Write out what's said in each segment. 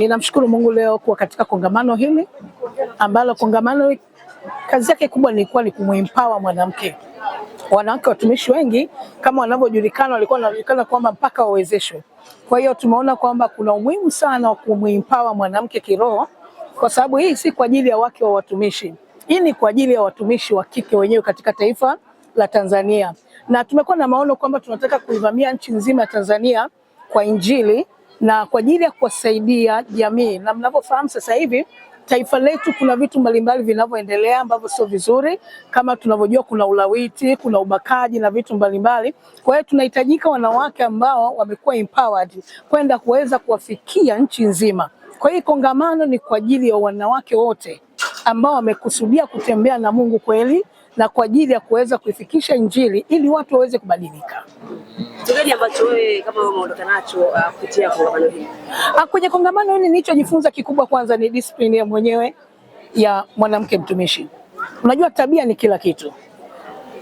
Ninamshukuru Mungu leo kuwa katika kongamano hili ambalo kongamano kazi yake kubwa ilikuwa ni kumempower mwanamke. Wanawake watumishi wengi kama wanavyojulikana, walikuwa wanajulikana kwamba mpaka wawezeshwe. Kwa hiyo tumeona kwamba kuna umuhimu sana wa kumempower mwanamke kiroho, kwa sababu hii si kwa ajili ya wake wa watumishi, hii ni kwa ajili ya watumishi wa kike wenyewe katika taifa la Tanzania, na tumekuwa na maono kwamba tunataka kuivamia nchi nzima ya Tanzania kwa Injili na kwa ajili ya kuwasaidia jamii, na mnavyofahamu sasa hivi taifa letu kuna vitu mbalimbali vinavyoendelea ambavyo sio vizuri, kama tunavyojua kuna ulawiti, kuna ubakaji na vitu mbalimbali. Kwa hiyo tunahitajika wanawake ambao wamekuwa empowered kwenda kuweza kuwafikia nchi nzima. Kwa hiyo kongamano ni kwa ajili ya wanawake wote ambao wamekusudia kutembea na Mungu kweli na kwa ajili ya kuweza kuifikisha Injili ili watu waweze kubadilika. Kitu ambacho wewe kama umeondoka nacho uh, kupitia kongamano hili? Ah, kwenye kongamano hili nilichojifunza kikubwa kwanza ni discipline ya mwenyewe ya mwanamke mtumishi. Unajua tabia ni kila kitu.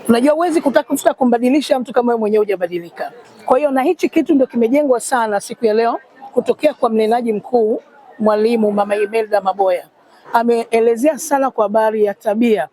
Unajua huwezi kutafuta kumbadilisha mtu kama wewe mwenyewe hujabadilika. Kwa hiyo na hichi kitu ndio kimejengwa sana siku ya leo kutokea kwa mnenaji mkuu mwalimu Mama Imelda Maboya. Ameelezea sana kwa habari ya tabia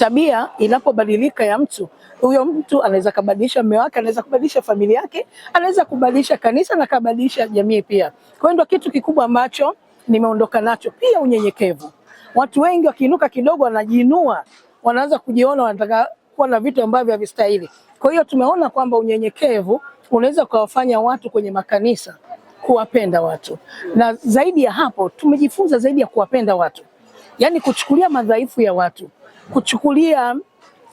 tabia inapobadilika ya mtu, huyo mtu anaweza kubadilisha mume wake, anaweza kubadilisha familia yake, anaweza kubadilisha kanisa na kubadilisha jamii pia. Kwa hiyo ndio kitu kikubwa ambacho nimeondoka nacho, pia unyenyekevu. Watu wengi wakiinuka kidogo, wanajiinua, wanaanza kujiona, wanataka kuwa na vitu ambavyo havistahili. Kwa hiyo tumeona kwamba unyenyekevu unaweza kuwafanya watu kwenye makanisa kuwapenda watu, na zaidi ya hapo tumejifunza zaidi ya kuwapenda watu, yaani kuchukulia madhaifu ya watu kuchukulia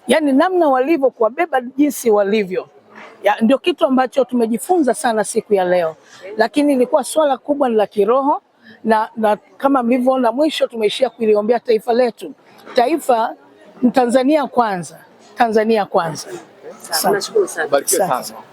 yani namna walivyo, kuwabeba jinsi walivyo, ndio kitu ambacho tumejifunza sana siku ya leo, lakini ilikuwa swala kubwa la kiroho na, na kama mlivyoona mwisho tumeishia kuliombea taifa letu, taifa tanzania kwanza, Tanzania kwanza. Sa.